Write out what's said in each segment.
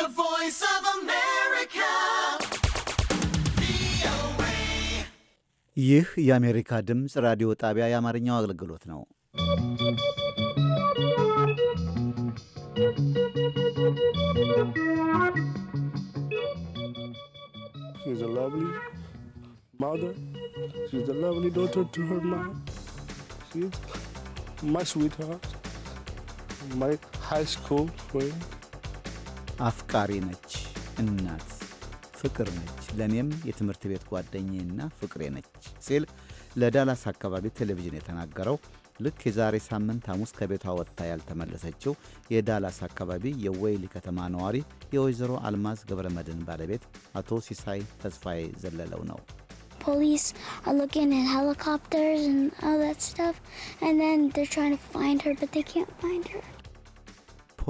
The voice of America. ይህ የአሜሪካ ድምፅ ራዲዮ ጣቢያ የአማርኛው አገልግሎት ነው። My sweetheart, my high school friend. አፍቃሪ ነች፣ እናት ፍቅር ነች፣ ለእኔም የትምህርት ቤት ጓደኛና ፍቅሬ ነች ሲል ለዳላስ አካባቢ ቴሌቪዥን የተናገረው ልክ የዛሬ ሳምንት ሐሙስ ከቤቷ ወጥታ ያልተመለሰችው የዳላስ አካባቢ የወይሊ ከተማ ነዋሪ የወይዘሮ አልማዝ ገብረ መድን ባለቤት አቶ ሲሳይ ተስፋዬ ዘለለው ነው። ፖሊስ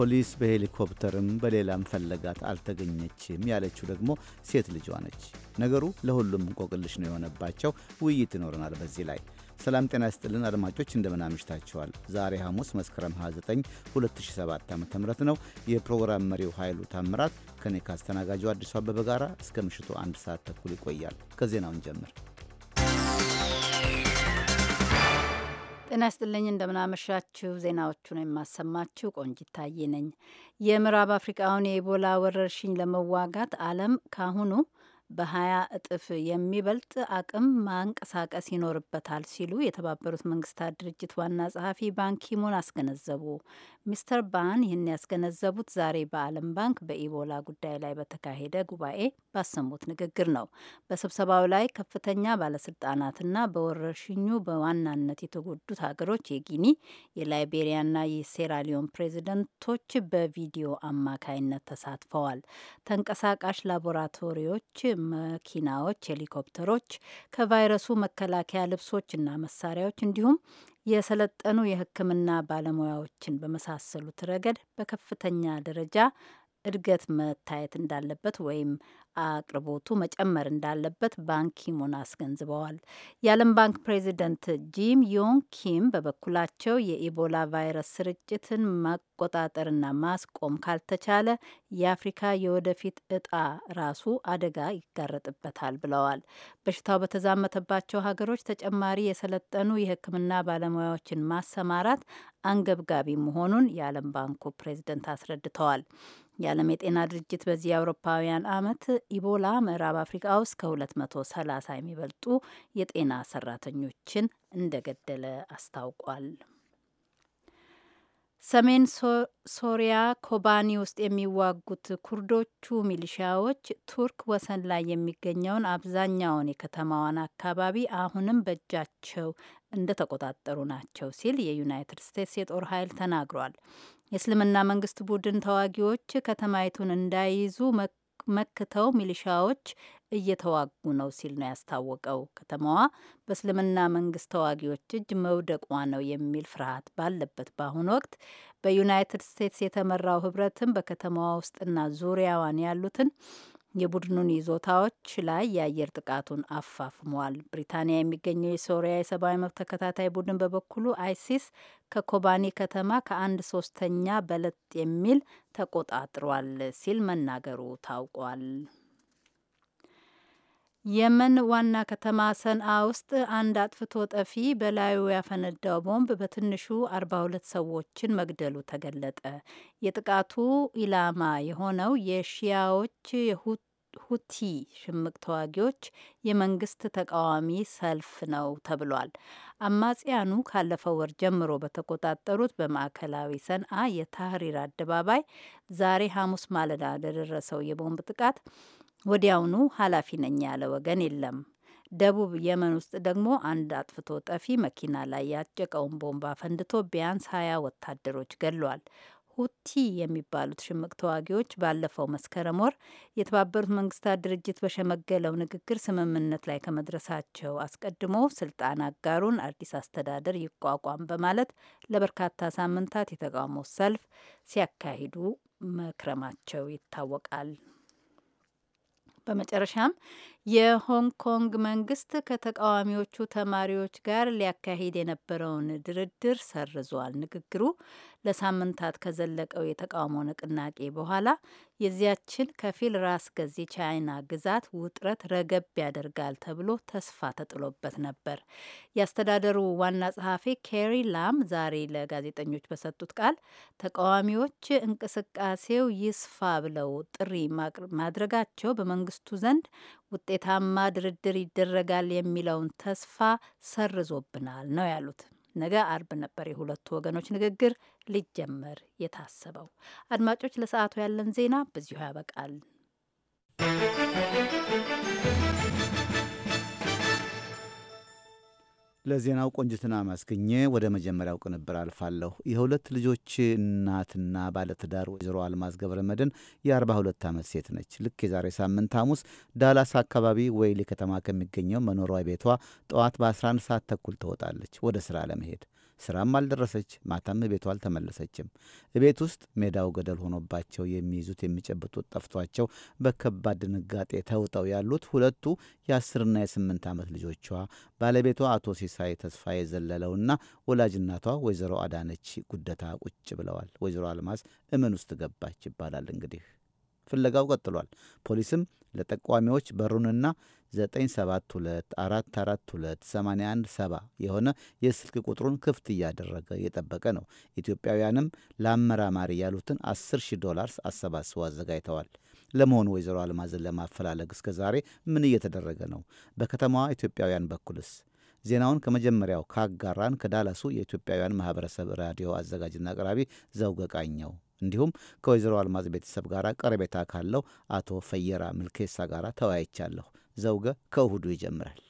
ፖሊስ በሄሊኮፕተርም በሌላም ፈለጋት አልተገኘችም ያለችው ደግሞ ሴት ልጇ ነች። ነገሩ ለሁሉም እንቆቅልሽ ነው የሆነባቸው። ውይይት ይኖረናል በዚህ ላይ። ሰላም ጤና ይስጥልን አድማጮች፣ እንደምን አምሽታችኋል። ዛሬ ሐሙስ መስከረም 29 2007 ዓ ም ነው። የፕሮግራም መሪው ኃይሉ ታምራት ከኔ ካስተናጋጁ አዲሱ አበበ ጋር እስከ ምሽቱ አንድ ሰዓት ተኩል ይቆያል። ከዜናውን ጀምር ጤና ይስጥልኝ እንደምናመሻችሁ። ዜናዎቹን የማሰማችሁ ቆንጂት ታዬ ነኝ። የምዕራብ አፍሪቃውን የኢቦላ ወረርሽኝ ለመዋጋት ዓለም ካሁኑ በሀያ እጥፍ የሚበልጥ አቅም ማንቀሳቀስ ይኖርበታል ሲሉ የተባበሩት መንግስታት ድርጅት ዋና ጸሐፊ ባንኪሙን አስገነዘቡ። ሚስተር ባን ይህን ያስገነዘቡት ዛሬ በዓለም ባንክ በኢቦላ ጉዳይ ላይ በተካሄደ ጉባኤ ባሰሙት ንግግር ነው። በስብሰባው ላይ ከፍተኛ ባለስልጣናትና በወረርሽኙ በዋናነት የተጎዱት ሀገሮች የጊኒ የላይቤሪያና የሴራሊዮን ፕሬዚደንቶች በቪዲዮ አማካይነት ተሳትፈዋል። ተንቀሳቃሽ ላቦራቶሪዎች መኪናዎች፣ ሄሊኮፕተሮች፣ ከቫይረሱ መከላከያ ልብሶችና መሳሪያዎች እንዲሁም የሰለጠኑ የሕክምና ባለሙያዎችን በመሳሰሉት ረገድ በከፍተኛ ደረጃ እድገት መታየት እንዳለበት ወይም አቅርቦቱ መጨመር እንዳለበት ኪሙን አስገንዝበዋል። የዓለም ባንክ ፕሬዚደንት ጂም ዮንግ ኪም በበኩላቸው የኢቦላ ቫይረስ ስርጭትን መቆጣጠርና ማስቆም ካልተቻለ የአፍሪካ የወደፊት እጣ ራሱ አደጋ ይጋረጥበታል ብለዋል። በሽታው በተዛመተባቸው ሀገሮች ተጨማሪ የሰለጠኑ የሕክምና ባለሙያዎችን ማሰማራት አንገብጋቢ መሆኑን የዓለም ባንኩ ፕሬዚደንት አስረድተዋል። የዓለም የጤና ድርጅት በዚህ የአውሮፓውያን አመት ኢቦላ ምዕራብ አፍሪካ ውስጥ ከ230 የሚበልጡ የጤና ሰራተኞችን እንደገደለ አስታውቋል። ሰሜን ሶሪያ ኮባኒ ውስጥ የሚዋጉት ኩርዶቹ ሚሊሺያዎች ቱርክ ወሰን ላይ የሚገኘውን አብዛኛውን የከተማዋን አካባቢ አሁንም በእጃቸው እንደተቆጣጠሩ ናቸው ሲል የዩናይትድ ስቴትስ የጦር ኃይል ተናግሯል። የእስልምና መንግስት ቡድን ተዋጊዎች ከተማይቱን እንዳይይዙ መክተው ሚሊሻዎች እየተዋጉ ነው ሲል ነው ያስታወቀው። ከተማዋ በእስልምና መንግስት ተዋጊዎች እጅ መውደቋ ነው የሚል ፍርሃት ባለበት በአሁኑ ወቅት በዩናይትድ ስቴትስ የተመራው ህብረትም በከተማዋ ውስጥና ዙሪያዋን ያሉትን የቡድኑን ይዞታዎች ላይ የአየር ጥቃቱን አፋፍሟል። ብሪታንያ የሚገኘው የሶሪያ የሰብአዊ መብት ተከታታይ ቡድን በበኩሉ አይሲስ ከኮባኒ ከተማ ከአንድ ሶስተኛ በለጥ የሚል ተቆጣጥሯል ሲል መናገሩ ታውቋል። የመን ዋና ከተማ ሰንአ ውስጥ አንድ አጥፍቶ ጠፊ በላዩ ያፈነዳው ቦምብ በትንሹ 42 ሰዎችን መግደሉ ተገለጠ። የጥቃቱ ኢላማ የሆነው የሺያዎች ሁቲ ሽምቅ ተዋጊዎች የመንግስት ተቃዋሚ ሰልፍ ነው ተብሏል። አማጽያኑ ካለፈው ወር ጀምሮ በተቆጣጠሩት በማዕከላዊ ሰንአ የታህሪር አደባባይ ዛሬ ሐሙስ ማለዳ ለደረሰው የቦምብ ጥቃት ወዲያውኑ ኃላፊ ነኝ ያለ ወገን የለም። ደቡብ የመን ውስጥ ደግሞ አንድ አጥፍቶ ጠፊ መኪና ላይ ያጨቀውን ቦምባ ፈንድቶ ቢያንስ ሀያ ወታደሮች ገድሏል። ሁቲ የሚባሉት ሽምቅ ተዋጊዎች ባለፈው መስከረም ወር የተባበሩት መንግስታት ድርጅት በሸመገለው ንግግር ስምምነት ላይ ከመድረሳቸው አስቀድሞ ስልጣን አጋሩን አዲስ አስተዳደር ይቋቋም በማለት ለበርካታ ሳምንታት የተቃውሞ ሰልፍ ሲያካሂዱ መክረማቸው ይታወቃል። በመጨረሻም የሆንግ ኮንግ መንግስት ከተቃዋሚዎቹ ተማሪዎች ጋር ሊያካሂድ የነበረውን ድርድር ሰርዟል። ንግግሩ ለሳምንታት ከዘለቀው የተቃውሞ ንቅናቄ በኋላ የዚያችን ከፊል ራስ ገዝ የቻይና ግዛት ውጥረት ረገብ ያደርጋል ተብሎ ተስፋ ተጥሎበት ነበር። የአስተዳደሩ ዋና ጸሐፊ ኬሪ ላም ዛሬ ለጋዜጠኞች በሰጡት ቃል ተቃዋሚዎች እንቅስቃሴው ይስፋ ብለው ጥሪ ማድረጋቸው በመንግስቱ ዘንድ ውጤታማ ድርድር ይደረጋል የሚለውን ተስፋ ሰርዞብናል ነው ያሉት። ነገ አርብ ነበር የሁለቱ ወገኖች ንግግር ሊጀመር የታሰበው። አድማጮች፣ ለሰዓቱ ያለን ዜና በዚሁ ያበቃል። ለዜናው ቆንጅትና ማስገኘ ወደ መጀመሪያው ቅንብር አልፋለሁ። የሁለት ልጆች እናትና ባለትዳር ወይዘሮ አልማዝ መድን የ42 ዓመት ሴት ነች። ልክ የዛሬ ሳምንት ሐሙስ ዳላስ አካባቢ ወይሌ ከተማ ከሚገኘው መኖሪያ ቤቷ ጠዋት በ11 ሰዓት ተኩል ትወጣለች ወደ ሥራ ለመሄድ ስራም አልደረሰች፣ ማታም ቤቷ አልተመለሰችም። እቤት ውስጥ ሜዳው ገደል ሆኖባቸው የሚይዙት የሚጨብጡት ጠፍቷቸው በከባድ ድንጋጤ ተውጠው ያሉት ሁለቱ የአስርና የስምንት ዓመት ልጆቿ ባለቤቷ አቶ ሲሳይ ተስፋ የዘለለውና ወላጅናቷ ወይዘሮ አዳነች ጉደታ ቁጭ ብለዋል። ወይዘሮ አልማዝ እምን ውስጥ ገባች ይባላል እንግዲህ። ፍለጋው ቀጥሏል። ፖሊስም ለጠቋሚዎች በሩንና 972442817 የሆነ የስልክ ቁጥሩን ክፍት እያደረገ እየጠበቀ ነው። ኢትዮጵያውያንም ለአመራማሪ ያሉትን 10 ሺህ ዶላርስ አሰባስበው አዘጋጅተዋል። ለመሆኑ ወይዘሮ አልማዝን ለማፈላለግ እስከ ዛሬ ምን እየተደረገ ነው? በከተማዋ ኢትዮጵያውያን በኩልስ? ዜናውን ከመጀመሪያው ካጋራን ከዳላሱ የኢትዮጵያውያን ማህበረሰብ ራዲዮ አዘጋጅና አቅራቢ ዘውገቃኘው እንዲሁም ከወይዘሮ አልማዝ ቤተሰብ ጋር ቀረቤታ ካለው አቶ ፈየራ ምልኬሳ ጋር ተወያይቻለሁ። ዘውገ ከእሁዱ ይጀምራል።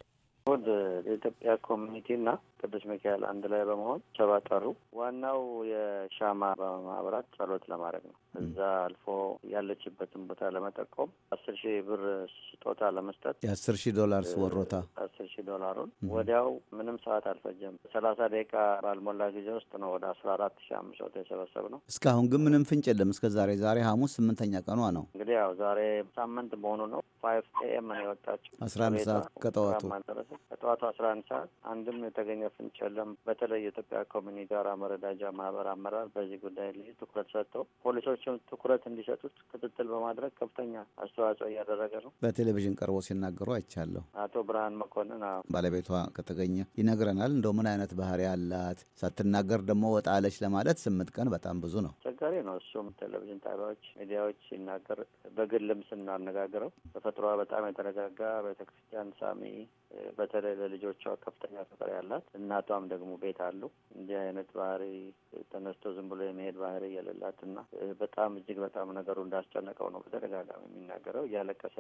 እሑድ የኢትዮጵያ ኮሚኒቲና ቅዱስ ሚካኤል አንድ ላይ በመሆን ስብሰባ ጠሩ። ዋናው የሻማ በማብራት ጸሎት ለማድረግ ነው። እዛ አልፎ ያለችበትን ቦታ ለመጠቆም አስር ሺህ ብር ስጦታ ለመስጠት የአስር ሺህ ዶላር ስወሮታ አስር ሺህ ዶላሩን ወዲያው ምንም ሰዓት አልፈጀም። ሰላሳ ደቂቃ ባልሞላ ጊዜ ውስጥ ነው ወደ አስራ አራት ሺህ አምስት መቶ የሰበሰብ ነው። እስካሁን ግን ምንም ፍንጭ የለም። እስከ ዛሬ ዛሬ ሐሙስ ስምንተኛ ቀኗ ነው። እንግዲህ ያው ዛሬ ሳምንት መሆኑ ነው። ፋይቭ ኤም ነው የወጣችው አስራ አንድ ሰዓት ከጠዋቱ ከጠዋቱ አስራ አንድ ሰዓት አንድም የተገኘ ፍንጭ የለም። በተለይ የኢትዮጵያ ኮሚኒ ጋራ መረዳጃ ማህበር አመራር በዚህ ጉዳይ ላይ ትኩረት ሰጥተው ፖሊሶችም ትኩረት እንዲሰጡት ክትትል በማድረግ ከፍተኛ አስተዋጽኦ እያደረገ ነው። በቴሌቪዥን ቀርቦ ሲናገሩ አይቻለሁ። አቶ ብርሃን መኮንን ባለቤቷ ከተገኘ ይነግረናል። እንደው ምን አይነት ባህሪ አላት ሳትናገር ደግሞ ወጣለች ለማለት ስምንት ቀን በጣም ብዙ ነው፣ አስቸጋሪ ነው። እሱም ቴሌቪዥን ጣቢያዎች፣ ሚዲያዎች ሲናገር በግልም ስናነጋግረው በፈጥሯ በጣም የተረጋጋ ቤተክርስቲያን ሳሚ በተለይ ለልጆቿ ከፍተኛ ፍቅር ያላት እናቷም ደግሞ ቤት አሉ። እንዲህ አይነት ባህሪ ተነስቶ ዝም ብሎ የመሄድ ባህሪ የሌላትና በጣም እጅግ በጣም ነገሩ እንዳስጨነቀው ነው በተደጋጋሚ የሚናገረው። እያለቀሰ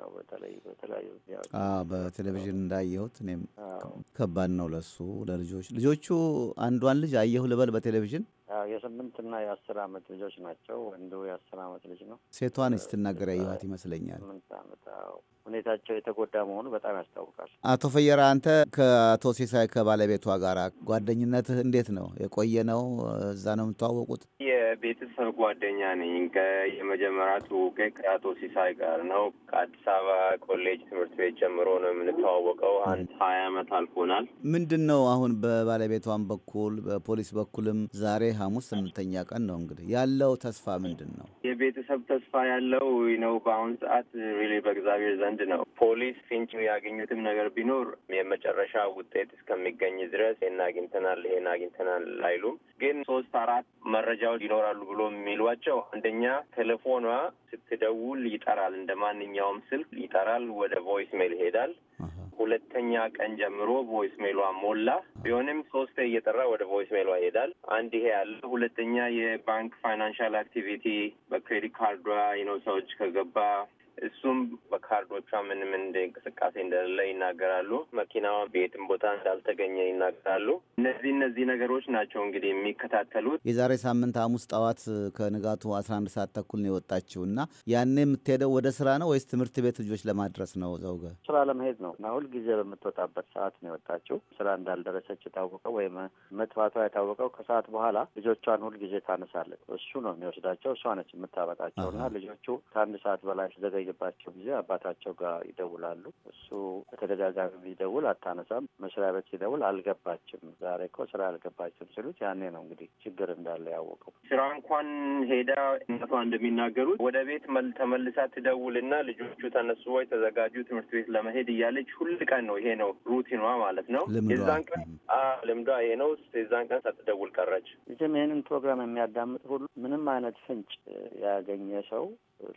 ነው በተለይ በተለያዩ በቴሌቪዥን እንዳየሁት። እኔም ከባድ ነው ለሱ ለልጆች ልጆቹ አንዷን ልጅ አየሁ ልበል በቴሌቪዥን የስምንት እና የአስር አመት ልጆች ናቸው። ወንዱ የአስር አመት ልጅ ነው። ሴቷ ነች ስትናገር ያየኋት ይመስለኛል። ስምንት አመት ሁኔታቸው የተጎዳ መሆኑ በጣም ያስታውቃል። አቶ ፈየራ አንተ ከአቶ ሲሳይ ከባለቤቷ ጋር ጓደኝነትህ እንዴት ነው? የቆየ ነው? እዛ ነው የምተዋወቁት? የቤተሰብ ጓደኛ ነኝ። የመጀመሪያ ትውውቄ ከአቶ ሲሳይ ጋር ነው። ከአዲስ አበባ ኮሌጅ ትምህርት ቤት ጀምሮ ነው የምንተዋወቀው። አንድ ሀያ አመት አልፎናል። ምንድን ነው አሁን በባለቤቷን በኩል በፖሊስ በኩልም ዛሬ ሐሙስ ስምንተኛ ቀን ነው እንግዲህ ያለው ተስፋ ምንድን ነው? የቤተሰብ ተስፋ ያለው ነው በአሁን ሰዓት ሪሊ በእግዚአብሔር ዘንድ ነው። ፖሊስ ፊንጭ ያገኙትም ነገር ቢኖር የመጨረሻ ውጤት እስከሚገኝ ድረስ ይሄን አግኝተናል፣ ይሄን አግኝተናል አይሉም። ግን ሶስት አራት መረጃዎች ሊኖ ይኖራሉ ብሎ የሚሏቸው አንደኛ ቴሌፎኗ ስትደውል ይጠራል፣ እንደ ማንኛውም ስልክ ይጠራል፣ ወደ ቮይስ ሜል ይሄዳል። ሁለተኛ ቀን ጀምሮ ቮይስ ሜሏ ሞላ ቢሆንም ሶስት እየጠራ ወደ ቮይስ ሜሏ ይሄዳል። አንድ ይሄ ያለ። ሁለተኛ የባንክ ፋይናንሻል አክቲቪቲ በክሬዲት ካርዷ ነው ሰዎች ከገባ እሱም በካርዶቿ ምንም እንደ እንቅስቃሴ እንደሌለ ይናገራሉ። መኪናዋ ቤትም ቦታ እንዳልተገኘ ይናገራሉ። እነዚህ እነዚህ ነገሮች ናቸው እንግዲህ የሚከታተሉት። የዛሬ ሳምንት ሐሙስ ጠዋት ከንጋቱ አስራ አንድ ሰዓት ተኩል ነው የወጣችው እና ያኔ የምትሄደው ወደ ስራ ነው ወይስ ትምህርት ቤት ልጆች ለማድረስ ነው? ዘውገ ስራ ለመሄድ ነው እና ሁልጊዜ በምትወጣበት ሰዓት ነው የወጣችው። ስራ እንዳልደረሰች የታወቀው ወይም መጥፋቷ የታወቀው ከሰዓት በኋላ ልጆቿን ሁልጊዜ ታነሳለች። እሱ ነው የሚወስዳቸው። እሷ ነች የምታበቃቸው እና ልጆቹ ከአንድ ሰዓት በላይ ስለገ በሚቆይባቸው ጊዜ አባታቸው ጋር ይደውላሉ። እሱ በተደጋጋሚ ቢደውል አታነሳም፣ መስሪያ ቤት ሲደውል አልገባችም፣ ዛሬ እኮ ስራ አልገባችም ሲሉት ያኔ ነው እንግዲህ ችግር እንዳለ ያወቀው። ስራ እንኳን ሄዳ እናቷ እንደሚናገሩት ወደ ቤት ተመልሳ ትደውልና ልጆቹ ተነሱ ወይ ተዘጋጁ ትምህርት ቤት ለመሄድ እያለች ሁል ቀን ነው። ይሄ ነው ሩቲኗ ማለት ነው። የዛን ቀን ልምዷ ይሄ ነው። የዛን ቀን ሳትደውል ቀረች። ይህም ይህንን ፕሮግራም የሚያዳምጥ ሁሉ ምንም አይነት ፍንጭ ያገኘ ሰው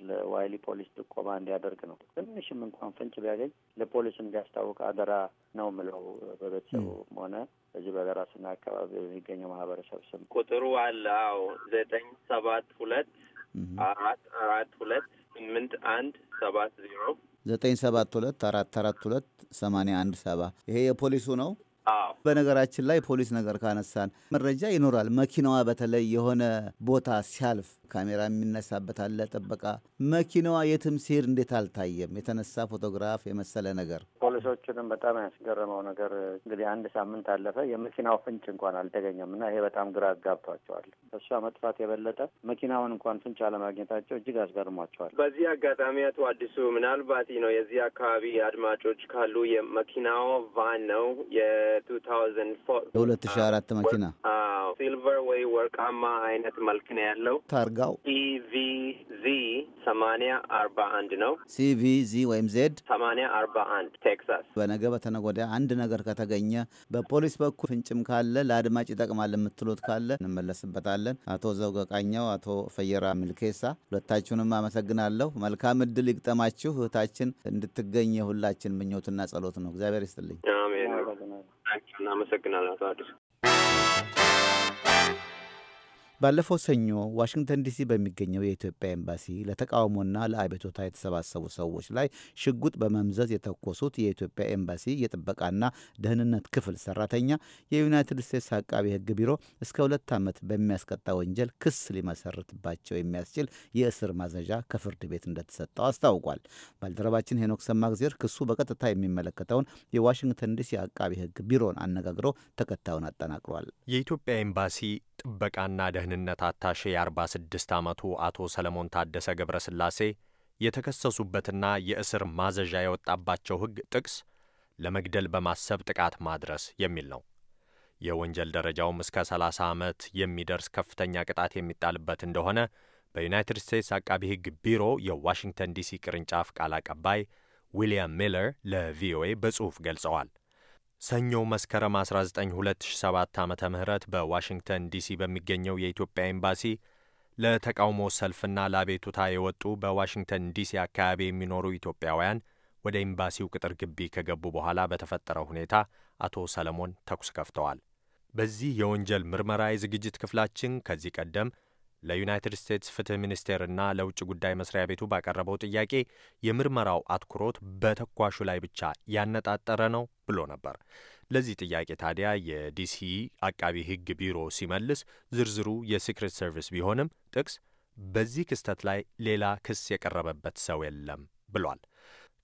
ለዋይሊ ፖሊስ ጥቆማ እንዲያደርግ ነው። ትንሽም እንኳን ፍንጭ ቢያገኝ ለፖሊስ እንዲያስታውቅ አደራ ነው ምለው በቤተሰቡም ሆነ በዚህ በደራስና አካባቢ በሚገኘው ማህበረሰብ ስም ቁጥሩ አለ። አዎ ዘጠኝ ሰባት ሁለት አራት አራት ሁለት ስምንት አንድ ሰባት ዜሮ ዘጠኝ ሰባት ሁለት አራት አራት ሁለት ሰማንያ አንድ ሰባ ይሄ የፖሊሱ ነው። በነገራችን ላይ ፖሊስ ነገር ካነሳን መረጃ ይኖራል። መኪናዋ በተለይ የሆነ ቦታ ሲያልፍ ካሜራ የሚነሳበት አለ፣ ጥበቃ። መኪናዋ የትም ሲሄድ እንዴት አልታየም? የተነሳ ፎቶግራፍ የመሰለ ነገር ፖሊሶችንም በጣም ያስገረመው ነገር እንግዲህ አንድ ሳምንት አለፈ፣ የመኪናው ፍንጭ እንኳን አልተገኘም እና ይሄ በጣም ግራ አጋብቷቸዋል። በእሷ መጥፋት የበለጠ መኪናውን እንኳን ፍንጭ አለማግኘታቸው እጅግ አስገርሟቸዋል። በዚህ አጋጣሚ አቶ አዲሱ ምናልባት ነው የዚህ አካባቢ አድማጮች ካሉ የመኪናው ቫን ነው የቱ ታውዘንድ ፎር የሁለት ሺ አራት መኪና ሲልቨር ወይ ወርቃማ አይነት መልክ ነው ያለው ታርጋው ኢቪዚ ሰማኒያ አርባ አንድ ነው። ሲቪዚ ወይም ዜድ ሰማኒያ አርባ አንድ ቴክሳስ። በነገ በተነገ ወዲያ አንድ ነገር ከተገኘ በፖሊስ በኩል ፍንጭም ካለ ለአድማጭ ይጠቅማል የምትሉት ካለ እንመለስበታለን። አቶ ዘውገቃኛው፣ አቶ ፈየራ ሚልኬሳ ሁለታችሁንም አመሰግናለሁ። መልካም እድል ይግጠማችሁ። እህታችን እንድትገኝ የሁላችን ምኞትና ጸሎት ነው። እግዚአብሔር ይስጥልኝ። አሜን። እናመሰግናለን አቶ አዲሱ ባለፈው ሰኞ ዋሽንግተን ዲሲ በሚገኘው የኢትዮጵያ ኤምባሲ ለተቃውሞና ለአቤቶታ የተሰባሰቡ ሰዎች ላይ ሽጉጥ በመምዘዝ የተኮሱት የኢትዮጵያ ኤምባሲ የጥበቃና ደህንነት ክፍል ሰራተኛ የዩናይትድ ስቴትስ አቃቢ ሕግ ቢሮ እስከ ሁለት ዓመት በሚያስቀጣ ወንጀል ክስ ሊመሰርትባቸው የሚያስችል የእስር ማዘዣ ከፍርድ ቤት እንደተሰጠው አስታውቋል። ባልደረባችን ሄኖክ ሰማግዜር ክሱ በቀጥታ የሚመለከተውን የዋሽንግተን ዲሲ አቃቢ ሕግ ቢሮን አነጋግሮ ተከታዩን አጠናቅሯል። የኢትዮጵያ ኤምባሲ ጥበቃና ደህንነት አታሼ የ46 ዓመቱ አቶ ሰለሞን ታደሰ ስላሴ የተከሰሱበትና የእስር ማዘዣ የወጣባቸው ሕግ ጥቅስ ለመግደል በማሰብ ጥቃት ማድረስ የሚል ነው። የወንጀል ደረጃውም እስከ 30 ዓመት የሚደርስ ከፍተኛ ቅጣት የሚጣልበት እንደሆነ በዩናይትድ ስቴትስ አቃቢ ሕግ ቢሮ የዋሽንግተን ዲሲ ቅርንጫፍ ቃል አቀባይ ዊልያም ሚለር ለቪኦኤ በጽሑፍ ገልጸዋል። ሰኞ መስከረም 19 2007 ምህረት በዋሽንግተን ዲሲ በሚገኘው የኢትዮጵያ ኤምባሲ ለተቃውሞ ሰልፍና ለአቤቱታ የወጡ በዋሽንግተን ዲሲ አካባቢ የሚኖሩ ኢትዮጵያውያን ወደ ኤምባሲው ቅጥር ግቢ ከገቡ በኋላ በተፈጠረ ሁኔታ አቶ ሰለሞን ተኩስ ከፍተዋል። በዚህ የወንጀል ምርመራ የዝግጅት ክፍላችን ከዚህ ቀደም ለዩናይትድ ስቴትስ ፍትህ ሚኒስቴርና ለውጭ ጉዳይ መስሪያ ቤቱ ባቀረበው ጥያቄ የምርመራው አትኩሮት በተኳሹ ላይ ብቻ ያነጣጠረ ነው ብሎ ነበር። ለዚህ ጥያቄ ታዲያ የዲሲ አቃቢ ሕግ ቢሮ ሲመልስ ዝርዝሩ የሲክሬት ሰርቪስ ቢሆንም ጥቅስ በዚህ ክስተት ላይ ሌላ ክስ የቀረበበት ሰው የለም ብሏል።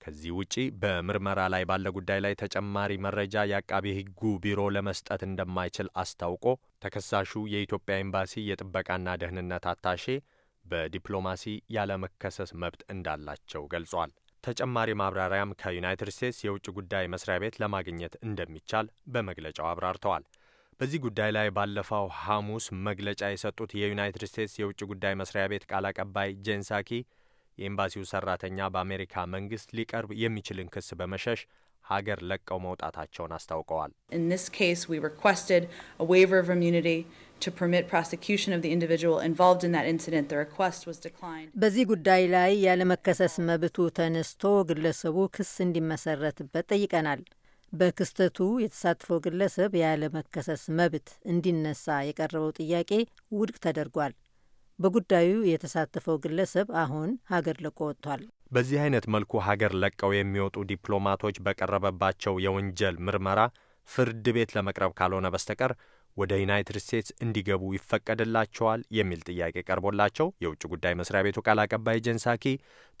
ከዚህ ውጪ በምርመራ ላይ ባለ ጉዳይ ላይ ተጨማሪ መረጃ የአቃቢ ሕጉ ቢሮ ለመስጠት እንደማይችል አስታውቆ ተከሳሹ የኢትዮጵያ ኤምባሲ የጥበቃና ደህንነት አታሼ በዲፕሎማሲ ያለመከሰስ መብት እንዳላቸው ገልጿል። ተጨማሪ ማብራሪያም ከዩናይትድ ስቴትስ የውጭ ጉዳይ መስሪያ ቤት ለማግኘት እንደሚቻል በመግለጫው አብራርተዋል። በዚህ ጉዳይ ላይ ባለፈው ሐሙስ መግለጫ የሰጡት የዩናይትድ ስቴትስ የውጭ ጉዳይ መስሪያ ቤት ቃል አቀባይ ጄንሳኪ የኤምባሲው ሰራተኛ በአሜሪካ መንግስት ሊቀርብ የሚችልን ክስ በመሸሽ ሀገር ለቀው መውጣታቸውን አስታውቀዋል። በዚህ ጉዳይ ላይ ያለመከሰስ መብቱ ተነስቶ ግለሰቡ ክስ እንዲመሰረትበት ጠይቀናል። በክስተቱ የተሳተፈው ግለሰብ ያለመከሰስ መብት እንዲነሳ የቀረበው ጥያቄ ውድቅ ተደርጓል። በጉዳዩ የተሳተፈው ግለሰብ አሁን ሀገር ለቆ ወጥቷል። በዚህ አይነት መልኩ ሀገር ለቀው የሚወጡ ዲፕሎማቶች በቀረበባቸው የወንጀል ምርመራ ፍርድ ቤት ለመቅረብ ካልሆነ በስተቀር ወደ ዩናይትድ ስቴትስ እንዲገቡ ይፈቀድላቸዋል የሚል ጥያቄ ቀርቦላቸው የውጭ ጉዳይ መስሪያ ቤቱ ቃል አቀባይ ጀንሳኪ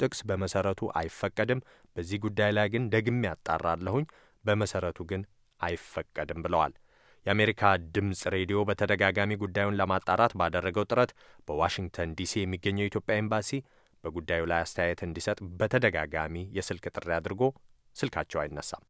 ጥቅስ በመሰረቱ አይፈቀድም፣ በዚህ ጉዳይ ላይ ግን ደግሜ ያጣራለሁኝ፣ በመሰረቱ ግን አይፈቀድም ብለዋል። የአሜሪካ ድምፅ ሬዲዮ በተደጋጋሚ ጉዳዩን ለማጣራት ባደረገው ጥረት በዋሽንግተን ዲሲ የሚገኘው የኢትዮጵያ ኤምባሲ በጉዳዩ ላይ አስተያየት እንዲሰጥ በተደጋጋሚ የስልክ ጥሪ አድርጎ ስልካቸው አይነሳም።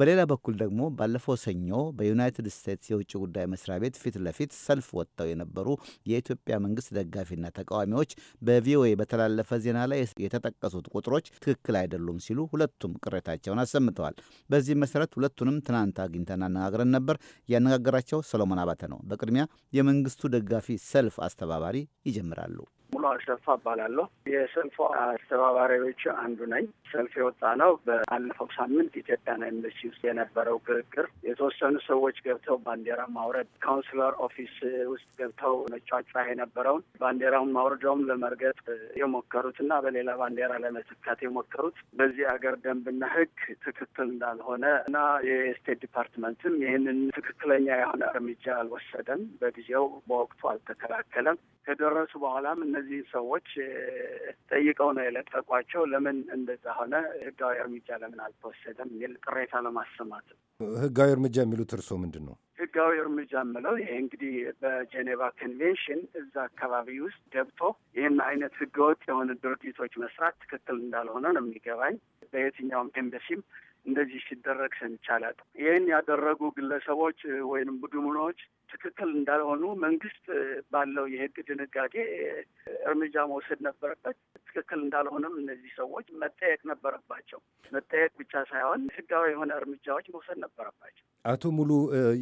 በሌላ በኩል ደግሞ ባለፈው ሰኞ በዩናይትድ ስቴትስ የውጭ ጉዳይ መስሪያ ቤት ፊት ለፊት ሰልፍ ወጥተው የነበሩ የኢትዮጵያ መንግስት ደጋፊና ተቃዋሚዎች በቪኦኤ በተላለፈ ዜና ላይ የተጠቀሱት ቁጥሮች ትክክል አይደሉም ሲሉ ሁለቱም ቅሬታቸውን አሰምተዋል። በዚህ መሰረት ሁለቱንም ትናንት አግኝተን አነጋግረን ነበር። ያነጋገራቸው ሰሎሞን አባተ ነው። በቅድሚያ የመንግስቱ ደጋፊ ሰልፍ አስተባባሪ ይጀምራሉ። ሙሉ አሰፋ እባላለሁ። የሰልፉ አስተባባሪዎች አንዱ ነኝ። ሰልፍ የወጣ ነው በአለፈው ሳምንት ኢትዮጵያና ኤምባሲ ውስጥ የነበረው ግርግር የተወሰኑ ሰዎች ገብተው ባንዲራ ማውረድ፣ ካውንስለር ኦፊስ ውስጥ ገብተው መጫጫ የነበረውን ባንዲራውን ማውረደውም ለመርገጥ የሞከሩት እና በሌላ ባንዲራ ለመተካት የሞከሩት በዚህ ሀገር ደንብና ሕግ ትክክል እንዳልሆነ እና የስቴት ዲፓርትመንትም ይህንን ትክክለኛ የሆነ እርምጃ አልወሰደም፣ በጊዜው በወቅቱ አልተከላከለም። ከደረሱ በኋላም እነ እነዚህ ሰዎች ጠይቀው ነው የለቀቋቸው። ለምን እንደዛ ሆነ፣ ህጋዊ እርምጃ ለምን አልተወሰደም የሚል ቅሬታ ለማሰማት። ህጋዊ እርምጃ የሚሉት እርስዎ ምንድን ነው? ህጋዊ እርምጃ የምለው ይሄ እንግዲህ በጄኔቫ ኮንቬንሽን እዛ አካባቢ ውስጥ ገብቶ ይህን አይነት ህገወጥ የሆኑ ድርጊቶች መስራት ትክክል እንዳልሆነ ነው የሚገባኝ። በየትኛውም ኤምበሲም እንደዚህ ሲደረግ ሰምቻለሁ። ይህን ያደረጉ ግለሰቦች ወይም ቡድኖች ትክክል እንዳልሆኑ መንግስት ባለው የህግ ድንጋጌ እርምጃ መውሰድ ነበረበት። ትክክል እንዳልሆነም እነዚህ ሰዎች መጠየቅ ነበረባቸው። መጠየቅ ብቻ ሳይሆን ህጋዊ የሆነ እርምጃዎች መውሰድ ነበረባቸው። አቶ ሙሉ፣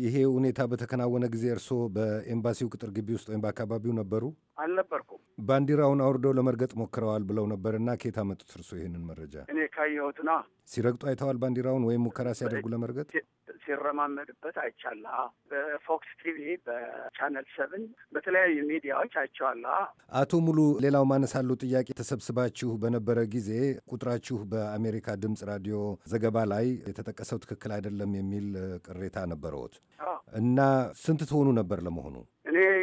ይሄ ሁኔታ በተከናወነ ጊዜ እርስዎ በኤምባሲው ቅጥር ግቢ ውስጥ ወይም በአካባቢው ነበሩ? አልነበርኩም። ባንዲራውን አውርደው ለመርገጥ ሞክረዋል ብለው ነበር እና ከየት አመጡት እርስዎ ይህንን መረጃ? እኔ ካየሁት ሲረግጡ አይተዋል ባንዲራውን ወይም ሙከራ ሲያደርጉ ለመርገጥ ሲረማመድበት አይቻላ። በፎክስ ቲቪ፣ በቻነል ሰብን፣ በተለያዩ ሚዲያዎች አይቸዋላ። አቶ ሙሉ ሌላው ማነሳሉ ጥያቄ ተሰብስባችሁ በነበረ ጊዜ ቁጥራችሁ በአሜሪካ ድምፅ ራዲዮ ዘገባ ላይ የተጠቀሰው ትክክል አይደለም የሚል ቅሬታ ነበረዎት እና ስንት ትሆኑ ነበር ለመሆኑ?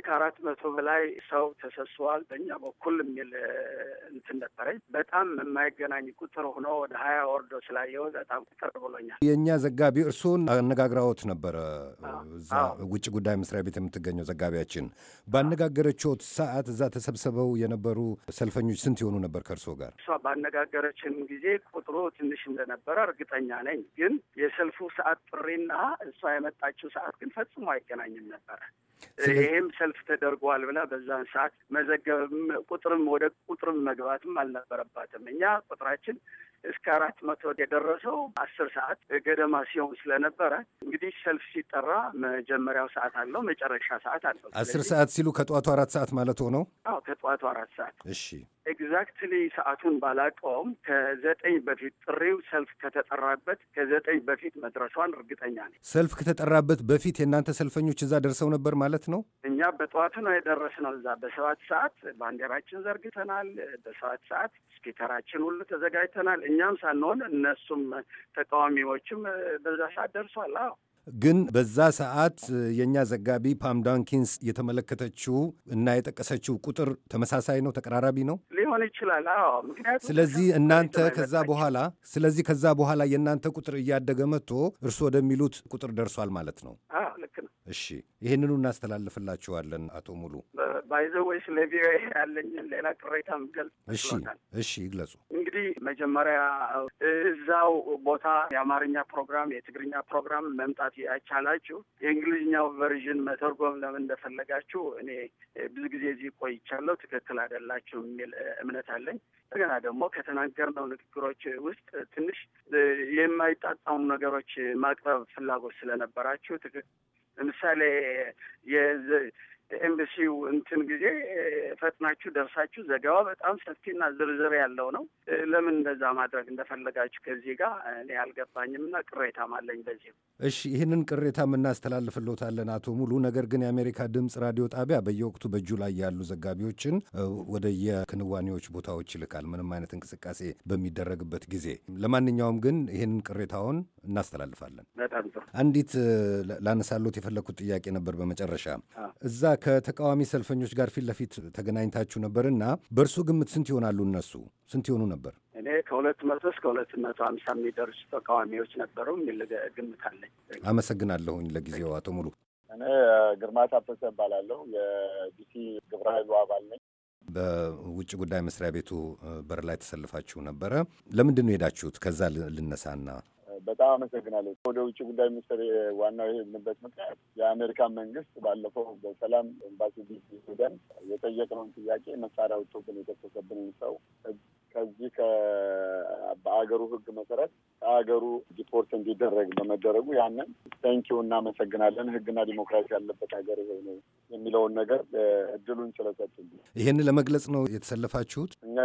ከአራት መቶ በላይ ሰው ተሰብስቧል በእኛ በኩል የሚል እንትን ነበረኝ። በጣም የማይገናኝ ቁጥር ሆኖ ወደ ሀያ ወርዶ ስላየው በጣም ቁጥር ብሎኛል። የእኛ ዘጋቢ እርስዎን አነጋግራዎት ነበረ። እዛ ውጭ ጉዳይ መስሪያ ቤት የምትገኘው ዘጋቢያችን ባነጋገረችዎት ሰዓት እዛ ተሰብስበው የነበሩ ሰልፈኞች ስንት የሆኑ ነበር? ከእርስዎ ጋር እሷ ባነጋገረችን ጊዜ ቁጥሩ ትንሽ እንደነበረ እርግጠኛ ነኝ። ግን የሰልፉ ሰዓት ጥሪና እሷ የመጣችው ሰዓት ግን ፈጽሞ አይገናኝም ነበረ። ይህም ሰልፍ ተደርጓል ብላ በዛን ሰዓት መዘገብም ቁጥርም ወደ ቁጥርም መግባትም አልነበረባትም። እኛ ቁጥራችን እስከ አራት መቶ የደረሰው አስር ሰዓት ገደማ ሲሆን ስለነበረ እንግዲህ ሰልፍ ሲጠራ መጀመሪያው ሰዓት አለው፣ መጨረሻ ሰዓት አለው። አስር ሰዓት ሲሉ ከጠዋቱ አራት ሰዓት ማለት ሆነው? አዎ ከጠዋቱ አራት ሰዓት እሺ። ኤግዛክትሊ ሰዓቱን ባላቀውም ከዘጠኝ በፊት ጥሪው ሰልፍ ከተጠራበት ከዘጠኝ በፊት መድረሷን እርግጠኛ ነኝ። ሰልፍ ከተጠራበት በፊት የእናንተ ሰልፈኞች እዛ ደርሰው ነበር ማለት ነው? እኛ በጠዋቱ ነው የደረስነው። እዛ በሰባት ሰዓት ባንዲራችን ዘርግተናል። በሰባት ሰዓት ስፒከራችን ሁሉ ተዘጋጅተናል። እኛም ሳንሆን እነሱም ተቃዋሚዎችም በዛ ሰዓት ደርሷል። አዎ ግን በዛ ሰዓት የእኛ ዘጋቢ ፓም ዳንኪንስ የተመለከተችው እና የጠቀሰችው ቁጥር ተመሳሳይ ነው፣ ተቀራራቢ ነው ሊሆን ይችላል። አዎ ምክንያቱም ስለዚህ እናንተ ከዛ በኋላ ስለዚህ ከዛ በኋላ የእናንተ ቁጥር እያደገ መጥቶ እርስ ወደሚሉት ቁጥር ደርሷል ማለት ነው። ልክ ነው። እሺ፣ ይህንኑ እናስተላልፍላችኋለን። አቶ ሙሉ ባይዘወይ ስለ ቪኦኤ ያለኝን ሌላ ቅሬታም ገልጽ። እሺ፣ እሺ፣ ይግለጹ። እንግዲህ መጀመሪያ እዛው ቦታ የአማርኛ ፕሮግራም፣ የትግርኛ ፕሮግራም መምጣት ያቻላችሁ የእንግሊዝኛው ቨርዥን መተርጎም ለምን እንደፈለጋችሁ እኔ ብዙ ጊዜ እዚህ ቆይቻለሁ። ትክክል አይደላችሁም የሚል እምነት አለኝ። እንደገና ደግሞ ከተናገርነው ንግግሮች ውስጥ ትንሽ የማይጣጣሙ ነገሮች ማቅረብ ፍላጎት ስለነበራችሁ ትክክል ለምሳሌ ኤምበሲው እንትን ጊዜ ፈጥናችሁ ደርሳችሁ ዘገባ በጣም ሰፊና ዝርዝር ያለው ነው። ለምን እንደዛ ማድረግ እንደፈለጋችሁ ከዚህ ጋር እኔ አልገባኝም እና ቅሬታም አለኝ በዚህ። እሺ ይህንን ቅሬታም እናስተላልፍልዎታለን አቶ ሙሉ። ነገር ግን የአሜሪካ ድምፅ ራዲዮ ጣቢያ በየወቅቱ በእጁ ላይ ያሉ ዘጋቢዎችን ወደ የክንዋኔዎች ቦታዎች ይልካል ምንም አይነት እንቅስቃሴ በሚደረግበት ጊዜ። ለማንኛውም ግን ይህንን ቅሬታውን እናስተላልፋለን። በጣም ጥሩ። አንዲት ላነሳሎት የፈለግኩት ጥያቄ ነበር በመጨረሻ እዛ ከተቃዋሚ ሰልፈኞች ጋር ፊት ለፊት ተገናኝታችሁ ነበርና በእርሱ ግምት ስንት ይሆናሉ? እነሱ ስንት ይሆኑ ነበር? እኔ ከሁለት መቶ እስከ ሁለት መቶ ሀምሳ የሚደርሱ ተቃዋሚዎች ነበሩ የሚል ግምት አለኝ። አመሰግናለሁኝ ለጊዜው አቶ ሙሉ። እኔ ግርማ ታፈሰ እባላለሁ። የዲሲ ግብረ ኃይሉ አባል ነኝ። በውጭ ጉዳይ መስሪያ ቤቱ በር ላይ ተሰልፋችሁ ነበረ። ለምንድን ነው የሄዳችሁት? ከዛ ልነሳና በጣም አመሰግናለሁ። ወደ ውጭ ጉዳይ ሚኒስትር ዋናው የሄድንበት ምክንያት የአሜሪካን መንግስት ባለፈው በሰላም ኤምባሲ ዲሲ ሄደን የጠየቅነውን ጥያቄ መሳሪያ ወጥቶብን የተኮሰብንን ሰው ከዚህ በአገሩ ህግ መሰረት ከአገሩ ዲፖርት እንዲደረግ በመደረጉ ያንን ተንኪው እናመሰግናለን፣ ህግና ዲሞክራሲ ያለበት ሀገር ይሄ ነው የሚለውን ነገር እድሉን ስለሰጡን ይህን ለመግለጽ ነው የተሰለፋችሁት። እኛ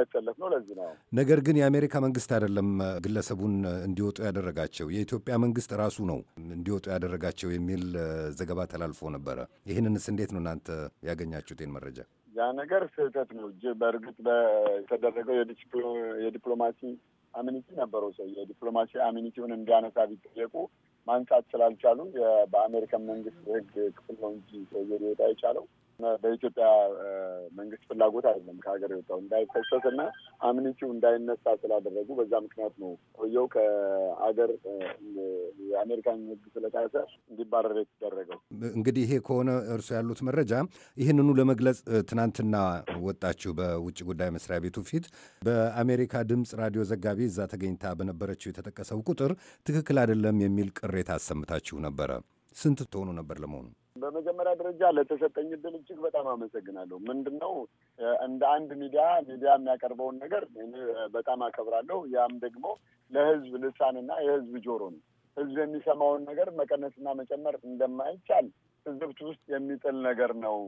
ነው ለዚህ ነው። ነገር ግን የአሜሪካ መንግስት አይደለም ግለሰቡን እንዲወጡ ያደረጋቸው፣ የኢትዮጵያ መንግስት ራሱ ነው እንዲወጡ ያደረጋቸው የሚል ዘገባ ተላልፎ ነበረ። ይህንንስ እንዴት ነው እናንተ ያገኛችሁት ያገኛችሁትን መረጃ? ያ ነገር ስህተት ነው እ በእርግጥ የተደረገው የዲፕሎማሲ አሚኒቲ ነበረው ሰው የዲፕሎማሲ አሚኒቲውን እንዲያነሳ ቢጠየቁ ማንሳት ስላልቻሉ በአሜሪካን መንግስት ህግ ክፍል ነው እንጂ ሰውየ ሊወጣ የቻለው በኢትዮጵያ መንግስት ፍላጎት አይደለም ከሀገር የወጣው እንዳይፈሰስ እና አምኒቲው እንዳይነሳ ስላደረጉ በዛ ምክንያት ነው ቆየው ከሀገር የአሜሪካን ህግ ስለታሰ እንዲባረር የተደረገው። እንግዲህ ይሄ ከሆነ እርሶ ያሉት መረጃ ይህንኑ ለመግለጽ ትናንትና ወጣችሁ በውጭ ጉዳይ መስሪያ ቤቱ ፊት በአሜሪካ ድምፅ ራዲዮ ዘጋቢ እዛ ተገኝታ በነበረችው የተጠቀሰው ቁጥር ትክክል አይደለም የሚል ቅሬታ አሰምታችሁ ነበረ። ስንት ትሆኑ ነበር ለመሆኑ? በመጀመሪያ ደረጃ ለተሰጠኝ እድል እጅግ በጣም አመሰግናለሁ። ምንድን ነው እንደ አንድ ሚዲያ ሚዲያ የሚያቀርበውን ነገር በጣም አከብራለሁ። ያም ደግሞ ለህዝብ ልሳንና የህዝብ ጆሮ ነው። ህዝብ የሚሰማውን ነገር መቀነስና መጨመር እንደማይቻል ህዝብት ውስጥ የሚጥል ነገር ነው።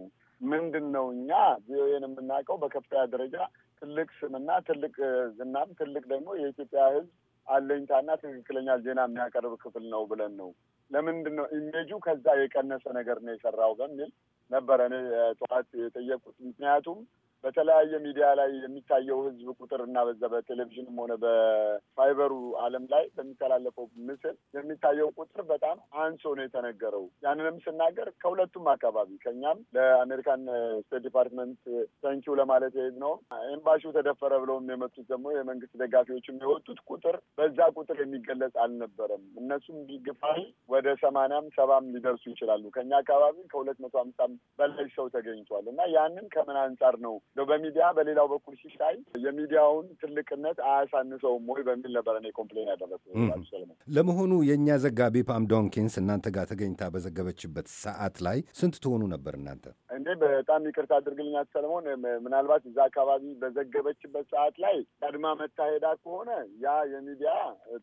ምንድን ነው እኛ ቪኦኤን የምናውቀው በከፍተኛ ደረጃ ትልቅ ስምና ትልቅ ዝናም ትልቅ ደግሞ የኢትዮጵያ ህዝብ አለኝታና ትክክለኛ ዜና የሚያቀርብ ክፍል ነው ብለን ነው ለምንድን ነው ኢሜጁ ከዛ የቀነሰ ነገር ነው የሰራው በሚል ነበረ እኔ ጠዋት የጠየቁት። ምክንያቱም በተለያየ ሚዲያ ላይ የሚታየው ህዝብ ቁጥር እና በዛ በቴሌቪዥንም ሆነ በፋይበሩ ዓለም ላይ በሚተላለፈው ምስል የሚታየው ቁጥር በጣም አንሶ ነው የተነገረው። ያንንም ስናገር ከሁለቱም አካባቢ ከኛም ለአሜሪካን ስቴት ዲፓርትመንት ተንኪው ለማለት የሄድ ነው። ኤምባሲው ተደፈረ ብለውም የመጡት ደግሞ የመንግስት ደጋፊዎችም የወጡት ቁጥር በዛ ቁጥር የሚገለጽ አልነበረም። እነሱም ቢግፋይ ወደ ሰማንያም ሰባም ሊደርሱ ይችላሉ። ከኛ አካባቢ ከሁለት መቶ ሀምሳም በላይ ሰው ተገኝቷል እና ያንን ከምን አንጻር ነው ነው በሚዲያ በሌላው በኩል ሲታይ የሚዲያውን ትልቅነት አያሳንሰውም ወይ በሚል ነበረ እኔ ኮምፕሌን ያደረግኩት። ለመሆኑ የእኛ ዘጋቢ ፓም ዶንኪንስ እናንተ ጋር ተገኝታ በዘገበችበት ሰዓት ላይ ስንት ትሆኑ ነበር እናንተ? እንዴ በጣም ይቅርታ አድርግልኛት ሰለሞን፣ ምናልባት እዛ አካባቢ በዘገበችበት ሰዓት ላይ ቀድማ መታሄዳ ከሆነ ያ የሚዲያ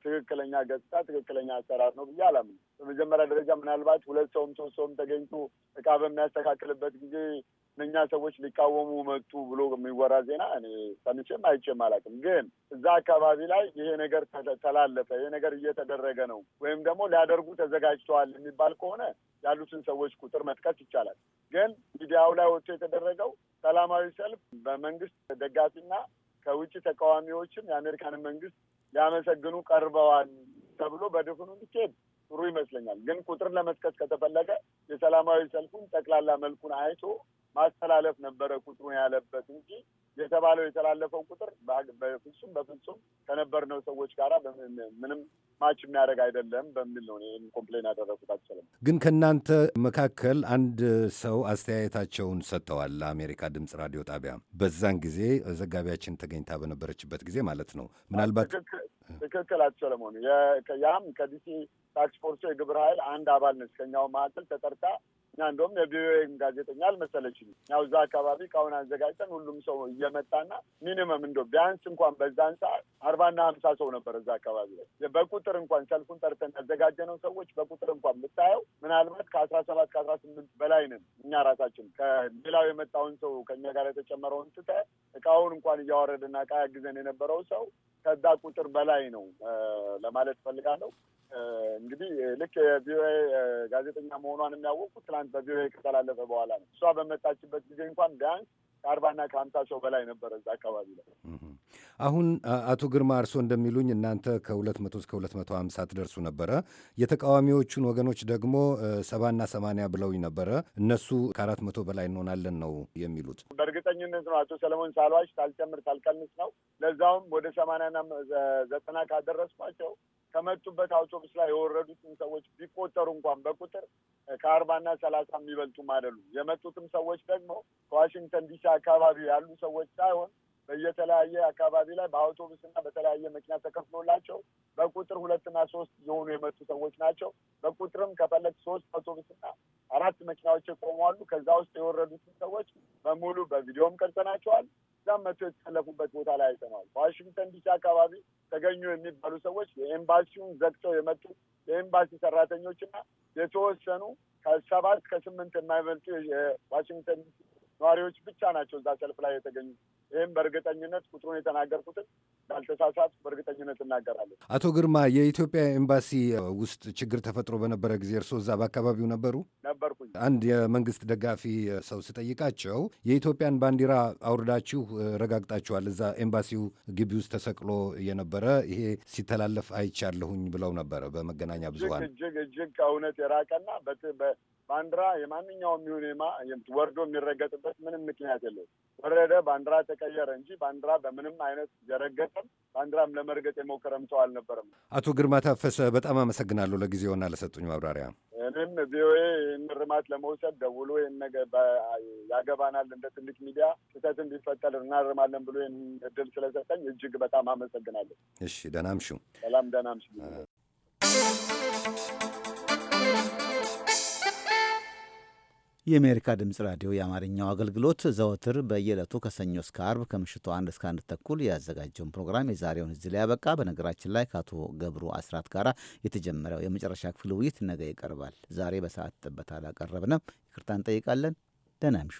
ትክክለኛ ገጽታ ትክክለኛ አሰራር ነው ብዬ አላምን። በመጀመሪያ ደረጃ ምናልባት ሁለት ሰውም ሶስት ሰውም ተገኝቶ እቃ በሚያስተካክልበት ጊዜ እነኛ ሰዎች ሊቃወሙ መጡ ብሎ የሚወራ ዜና እኔ ሰምቼም አይቼም አላውቅም። ግን እዛ አካባቢ ላይ ይሄ ነገር ተላለፈ፣ ይሄ ነገር እየተደረገ ነው ወይም ደግሞ ሊያደርጉ ተዘጋጅተዋል የሚባል ከሆነ ያሉትን ሰዎች ቁጥር መጥቀስ ይቻላል። ግን ሚዲያው ላይ ወጥቶ የተደረገው ሰላማዊ ሰልፍ በመንግስት ደጋፊና ከውጭ ተቃዋሚዎችም የአሜሪካንን መንግስት ሊያመሰግኑ ቀርበዋል ተብሎ በድፍኑ እንዲካሄድ ጥሩ ይመስለኛል። ግን ቁጥር ለመጥቀስ ከተፈለገ የሰላማዊ ሰልፉን ጠቅላላ መልኩን አይቶ ማስተላለፍ ነበረ ቁጥሩን ያለበት እንጂ የተባለው የተላለፈው ቁጥር በፍጹም በፍጹም ከነበርነው ሰዎች ጋራ ምንም ማች የሚያደርግ አይደለም በሚል ነው ይህን ኮምፕሌን ያደረጉት። አልችልም ግን ከእናንተ መካከል አንድ ሰው አስተያየታቸውን ሰጥተዋል ለአሜሪካ ድምፅ ራዲዮ ጣቢያ በዛን ጊዜ ዘጋቢያችን ተገኝታ በነበረችበት ጊዜ ማለት ነው። ምናልባት ትክክል አቸው ሆኑ ያም ከዲሲ ታክስ ፎርሱ የግብረ ኃይል አንድ አባል ነች ከኛው መካከል ተጠርታ እኛ እንደውም የቪኦኤ ጋዜጠኛ አልመሰለችም። ያው እዛ አካባቢ እቃውን አዘጋጅተን ሁሉም ሰው እየመጣና ሚኒመም እንደ ቢያንስ እንኳን በዛን ሰዓት አርባና ሀምሳ ሰው ነበር እዛ አካባቢ ላይ በቁጥር እንኳን ሰልፉን ጠርተን ያዘጋጀ ነው ሰዎች በቁጥር እንኳን ብታየው ምናልባት ከአስራ ሰባት ከአስራ ስምንት በላይ ነን እኛ ራሳችን ከሌላው የመጣውን ሰው ከኛ ጋር የተጨመረውን ትተህ እቃውን እንኳን እያወረድና እቃ ያግዘን የነበረው ሰው ከዛ ቁጥር በላይ ነው ለማለት ፈልጋለሁ። እንግዲህ ልክ የቪኦኤ ጋዜጠኛ መሆኗን የሚያወቁት ትናንት በቪኦኤ ከተላለፈ በኋላ ነው። እሷ በመጣችበት ጊዜ እንኳን ቢያንስ ከአርባና ከሀምሳ ሰው በላይ ነበረ እዛ አካባቢ ላይ። አሁን አቶ ግርማ እርስዎ እንደሚሉኝ እናንተ ከሁለት መቶ እስከ ሁለት መቶ ሀምሳ ትደርሱ ነበረ። የተቃዋሚዎቹን ወገኖች ደግሞ ሰባና ሰማንያ ብለውኝ ነበረ። እነሱ ከአራት መቶ በላይ እንሆናለን ነው የሚሉት። በእርግጠኝነት ነው አቶ ሰለሞን ሳልዋሽ፣ ሳልጨምር ሳልቀንስ ነው ለዛውም ወደ ሰማንያና ዘጠና ካደረስኳቸው ከመጡበት አውቶቡስ ላይ የወረዱትን ሰዎች ቢቆጠሩ እንኳን በቁጥር ከአርባና ሰላሳ የሚበልጡም አይደሉም። የመጡትም ሰዎች ደግሞ ከዋሽንግተን ዲሲ አካባቢ ያሉ ሰዎች ሳይሆን በየተለያየ አካባቢ ላይ በአውቶቡስና በተለያየ መኪና ተከፍሎላቸው በቁጥር ሁለትና ሶስት የሆኑ የመጡ ሰዎች ናቸው። በቁጥርም ከፈለግ ሶስት አውቶቡስና አራት መኪናዎች የቆሟሉ። ከዛ ውስጥ የወረዱትን ሰዎች በሙሉ በቪዲዮም ቀርጸናቸዋል። እዛም መቶ የተሰለፉበት ቦታ ላይ አይተነዋል። ዋሽንግተን ዲሲ አካባቢ ተገኙ የሚባሉ ሰዎች የኤምባሲውን ዘግተው የመጡ የኤምባሲ ሰራተኞችና የተወሰኑ ከሰባት ከስምንት የማይበልጡ የዋሽንግተን ዲሲ ነዋሪዎች ብቻ ናቸው እዛ ሰልፍ ላይ የተገኙት። ይህም በእርግጠኝነት ቁጥሩን የተናገርኩትን ባልተሳሳት በእርግጠኝነት እናገራለን። አቶ ግርማ፣ የኢትዮጵያ ኤምባሲ ውስጥ ችግር ተፈጥሮ በነበረ ጊዜ እርስዎ እዛ በአካባቢው ነበሩ? ነበርኩኝ። አንድ የመንግስት ደጋፊ ሰው ስጠይቃቸው የኢትዮጵያን ባንዲራ አውርዳችሁ ረጋግጣችኋል፣ እዛ ኤምባሲው ግቢ ውስጥ ተሰቅሎ የነበረ ይሄ ሲተላለፍ አይቻለሁኝ ብለው ነበረ በመገናኛ ብዙሃን። እጅግ እጅግ ከእውነት የራቀና ባንዲራ የማንኛውም ይሁን ወርዶ የሚረገጥበት ምንም ምክንያት የለው ወረደ ባንዲራ ተቀየረ እንጂ ባንዲራ በምንም አይነት የረገጠም ባንዲራም ለመርገጥ የሞከረም ሰው አልነበረም። አቶ ግርማ ታፈሰ በጣም አመሰግናለሁ ለጊዜውና ለሰጡኝ ማብራሪያ። እኔም ቪኦኤ ይህን እርማት ለመውሰድ ደውሎ ያገባናል እንደ ትልቅ ሚዲያ ስህተት እንዲፈጠር እናርማለን ብሎ ይህን እድል ስለሰጠኝ እጅግ በጣም አመሰግናለሁ። እሺ፣ ደህና እምሹ። ሰላም፣ ደህና እምሹ። የአሜሪካ ድምፅ ራዲዮ የአማርኛው አገልግሎት ዘወትር በየዕለቱ ከሰኞ እስከ አርብ ከምሽቱ አንድ እስከ አንድ ተኩል ያዘጋጀውን ፕሮግራም የዛሬውን እዚህ ላይ ያበቃ። በነገራችን ላይ ከአቶ ገብሩ አስራት ጋር የተጀመረው የመጨረሻ ክፍል ውይይት ነገ ይቀርባል። ዛሬ በሰዓት ጥበታ አላቀረብንም፣ ይቅርታ እንጠይቃለን። ደህና እምሹ።